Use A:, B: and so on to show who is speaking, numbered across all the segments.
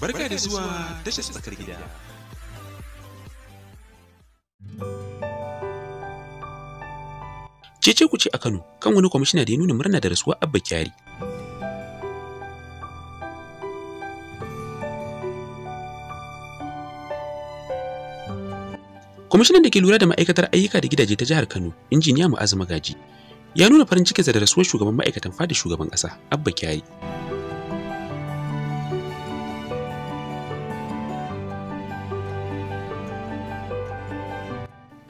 A: Barka da zuwa tashar tsakar gida. Cece ku ce a Kano kan wani kwamishina da ya nuna murna da rasuwa Abba Kyari. Kwamishinan da ke lura da ma'aikatar ayyuka da gidaje ta jihar Kano, Injiniya azuma gaji ya nuna farin cikinsa da rasuwar shugaban ma'aikatan fada shugaban ƙasa, Abba Kyari.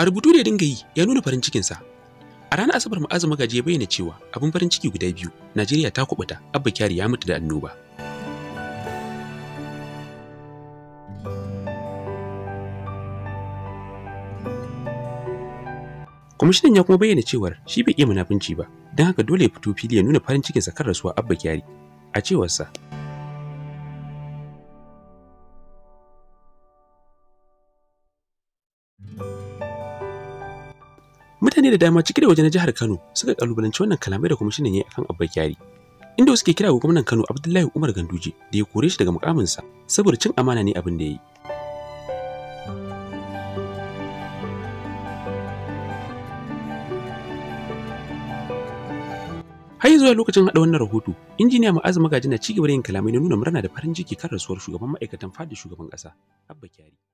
A: rubutu da ya dinga yi ya nuna farin cikinsa. A ranar Asabar mu Magaji ya bayyana cewa abin farin ciki guda biyu, Najeriya ta kubuta, Abba Kyari ya mutu da annoba. Kwamishinan ya kuma bayyana cewar shi bai iya munafunci ba, don haka dole ya fito fili ya nuna farin cikinsa kan rasuwa Abba Kyari. A cewarsa, Mutane da dama cike da waje jihar Kano suka kalubalanci wannan kalamai da kwamishinan ya akan Abba Kyari. Inda suke kira ga gwamnan Kano Abdullahi Umar Ganduje da ya kore shi daga sa saboda cin amana ne abin da ya yi. Har zuwa lokacin haɗa wannan rahoto, injiniya Ma'azu Magaji na cigaba da yin kalamai na nuna murna da farin ciki kan rasuwar shugaban ma'aikatan fadin shugaban ƙasa, Abba Kyari.